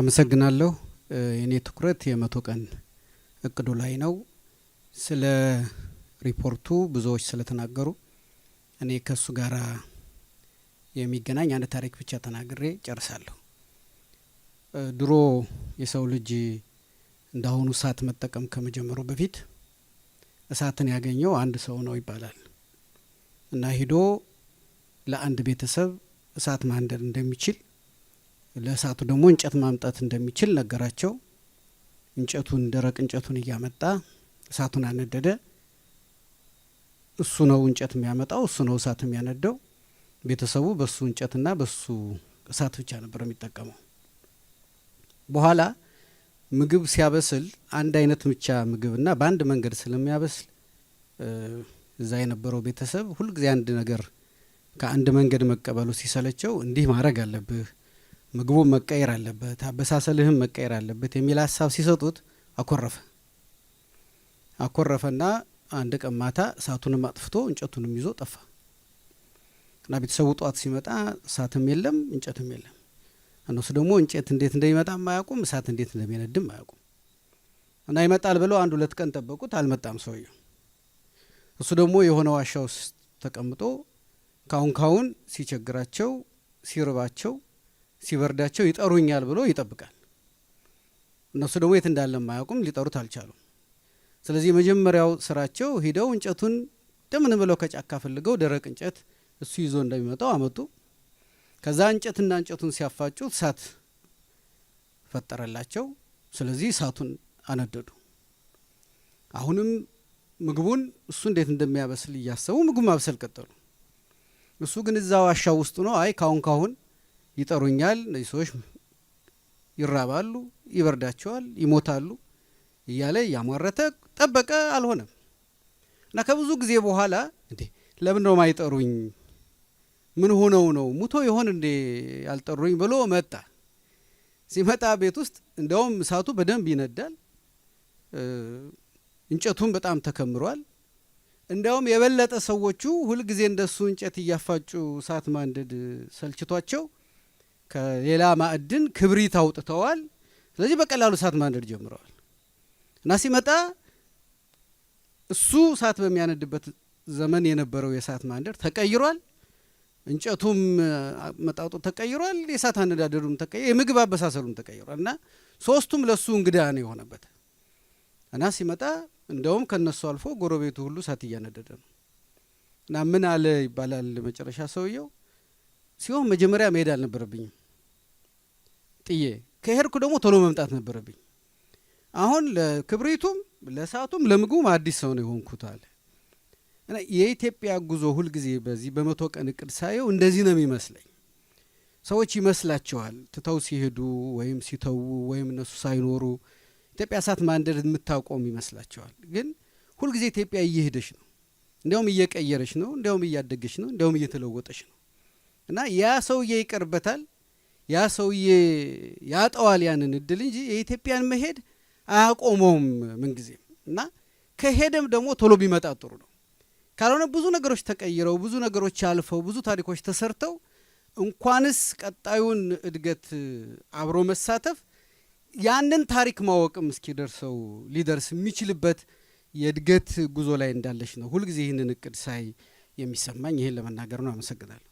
አመሰግናለሁ። የኔ ትኩረት የመቶ ቀን እቅዱ ላይ ነው። ስለ ሪፖርቱ ብዙዎች ስለተናገሩ እኔ ከእሱ ጋር የሚገናኝ አንድ ታሪክ ብቻ ተናግሬ ጨርሳለሁ። ድሮ የሰው ልጅ እንዳሁኑ እሳት መጠቀም ከመጀመሩ በፊት እሳትን ያገኘው አንድ ሰው ነው ይባላል እና ሂዶ ለአንድ ቤተሰብ እሳት ማንደድ እንደሚችል ለእሳቱ ደግሞ እንጨት ማምጣት እንደሚችል ነገራቸው። እንጨቱን ደረቅ እንጨቱን እያመጣ እሳቱን አነደደ። እሱ ነው እንጨት የሚያመጣው፣ እሱ ነው እሳት የሚያነደው። ቤተሰቡ በሱ እንጨትና በሱ እሳት ብቻ ነበር የሚጠቀመው። በኋላ ምግብ ሲያበስል አንድ አይነት ብቻ ምግብና በአንድ መንገድ ስለሚያበስል እዛ የነበረው ቤተሰብ ሁልጊዜ አንድ ነገር ከአንድ መንገድ መቀበሉ ሲሰለቸው እንዲህ ማድረግ አለብህ ምግቡ መቀየር አለበት፣ አበሳሰልህም መቀየር አለበት የሚል ሀሳብ ሲሰጡት አኮረፈ አኮረፈና አንድ ቀን ማታ እሳቱንም አጥፍቶ እንጨቱንም ይዞ ጠፋ እና ቤተሰቡ ጠዋት ሲመጣ እሳትም የለም እንጨትም የለም። እነሱ ደግሞ እንጨት እንዴት እንደሚመጣም አያውቁም፣ እሳት እንዴት እንደሚነድም አያውቁም። እና ይመጣል ብለው አንድ ሁለት ቀን ጠበቁት፣ አልመጣም ሰውየው። እሱ ደግሞ የሆነ ዋሻ ውስጥ ተቀምጦ ካሁን ካሁን ሲቸግራቸው ሲርባቸው ሲበርዳቸው ይጠሩኛል ብሎ ይጠብቃል። እነሱ ደግሞ የት እንዳለ ማያውቁም ሊጠሩት አልቻሉም። ስለዚህ የመጀመሪያው ስራቸው ሂደው እንጨቱን እንደምን ብለው ከጫካ ፈልገው ደረቅ እንጨት እሱ ይዞ እንደሚመጣው አመጡ። ከዛ እንጨትና እንጨቱን ሲያፋጩ እሳት ፈጠረላቸው። ስለዚህ እሳቱን አነደዱ። አሁንም ምግቡን እሱ እንዴት እንደሚያበስል እያሰቡ ምግብ ማብሰል ቀጠሉ። እሱ ግን እዛ ዋሻ ውስጡ ነው። አይ ካሁን ካሁን ይጠሩኛል። እነዚህ ሰዎች ይራባሉ፣ ይበርዳቸዋል፣ ይሞታሉ እያለ እያሟረተ ጠበቀ። አልሆነም እና ከብዙ ጊዜ በኋላ እንዴ ለምን ነው ማይጠሩኝ? ምን ሆነው ነው ሙቶ ይሆን እንዴ ያልጠሩኝ ብሎ መጣ። ሲመጣ ቤት ውስጥ እንደውም እሳቱ በደንብ ይነዳል፣ እንጨቱም በጣም ተከምሯል። እንደውም የበለጠ ሰዎቹ ሁልጊዜ እንደሱ እንጨት እያፋጩ እሳት ማንደድ ሰልችቷቸው ከሌላ ማዕድን ክብሪት አውጥተዋል። ስለዚህ በቀላሉ እሳት ማንደድ ጀምረዋል እና ሲመጣ እሱ እሳት በሚያነድበት ዘመን የነበረው የእሳት ማንደድ ተቀይሯል። እንጨቱም መጣጡ ተቀይሯል። የእሳት አነዳደዱም ተቀይሯል። የምግብ አበሳሰሉም ተቀይሯል እና ሶስቱም ለሱ እንግዳ ነው የሆነበት እና ሲመጣ እንደውም ከነሱ አልፎ ጎረቤቱ ሁሉ እሳት እያነደደ ነው እና ምን አለ ይባላል መጨረሻ ሰውየው ሲሆን መጀመሪያ መሄድ አልነበረብኝም ጥዬ ከሄድኩ ደግሞ ቶሎ መምጣት ነበረብኝ። አሁን ለክብሪቱም ለሰዓቱም ለምግቡም አዲስ ሰው ነው የሆንኩት አለ የኢትዮጵያ ጉዞ ሁልጊዜ በዚህ በመቶ ቀን እቅድ ሳየው እንደዚህ ነው የሚመስለኝ። ሰዎች ይመስላቸዋል ትተው ሲሄዱ ወይም ሲተዉ ወይም እነሱ ሳይኖሩ ኢትዮጵያ እሳት ማንደድ የምታቆም ይመስላቸዋል። ግን ሁልጊዜ ኢትዮጵያ እየሄደች ነው፣ እንዲያውም እየቀየረች ነው፣ እንዲያውም እያደገች ነው፣ እንዲያውም እየተለወጠች ነው እና ያ ሰውዬ ይቀርበታል ያ ሰውዬ ያጠዋል ያንን እድል እንጂ የኢትዮጵያን መሄድ አያቆመውም ምንጊዜም። እና ከሄደም ደግሞ ቶሎ ቢመጣ ጥሩ ነው። ካልሆነ ብዙ ነገሮች ተቀይረው ብዙ ነገሮች አልፈው ብዙ ታሪኮች ተሰርተው እንኳንስ ቀጣዩን እድገት አብሮ መሳተፍ ያንን ታሪክ ማወቅም እስኪደርሰው ሊደርስ የሚችልበት የእድገት ጉዞ ላይ እንዳለች ነው ሁልጊዜ ይህንን እቅድ ሳይ የሚሰማኝ። ይህን ለመናገር ነው። አመሰግናለሁ።